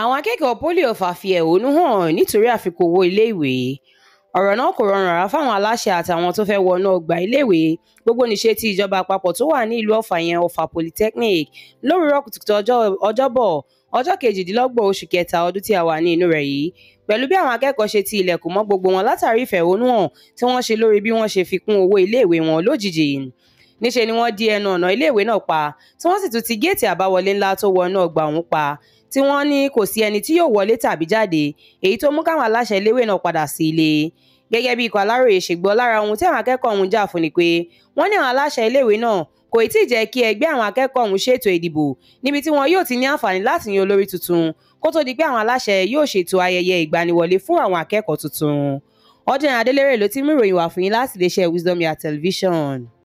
àwọn akẹ́kọ̀ọ́ poli ọ̀fà fi ẹ̀hónú hàn nítorí àfikún owó iléèwé ọ̀rọ̀ náà kò rọrùn rárá fáwọn aláṣẹ àtàwọn tó fẹ́ wọnú ọgbà iléèwé gbogbo níṣe tí ìjọba àpapọ̀ tó wà ní ìlú ọ̀fà yẹn ọ̀fà polytechnic lówùúrọ̀ kùtùkùtù ọjọ́bọ̀ ọjọ́ kejìdínlọ́gbọ̀n oṣù kẹta ọdún tí a wà ní inú rẹ̀ yìí pẹ̀lú bí àwọn akẹ́kọ̀ọ́ ṣe ti ilẹ̀kùn mọ́ gbogbo wọn látàrí ìfẹ̀hónúhàn tí wọ́n ṣe lórí bí wọ́n ṣe fi kún owó iléèwé wọn lójijì níṣe ni wọ́n di ẹnu ọ̀nà iléèwé náà pa tí wọ́n sì tún ti géètì àbáwọlé ńlá tó wọnú ọgbà ọ̀hún pa tí wọ́n ní kò sí ẹni tí yóò wọlé tàbí jáde èyí tó mú káwọn aláṣẹ iléèwé náà padà sí ilé gẹ́gẹ́ bí ikọ̀ aláròye ṣe gbọ́ lára ohun tí àwọn akẹ́kọ̀ọ́ ọ̀hún jà fún ni pé wọ́n ní àwọn aláṣẹ iléèwé náà kò tí ì jẹ́ kí ẹgbẹ́ àwọn akẹ́kọ̀ọ́ ọ̀hún ṣètò ìdìbò níbi tí wọn yóò ti ní àǹfààní láti yan olórí tuntun kó tó di pé àwọn aláṣẹ yóò ṣètò ayẹyẹ ìgbaniwọlé fún àwọn akẹ́kọ̀ọ́ tuntun Ọdún Adélérè ló ti mú ìròyìn wá fún yín láti iléeṣẹ́ Wisdom Yard Television.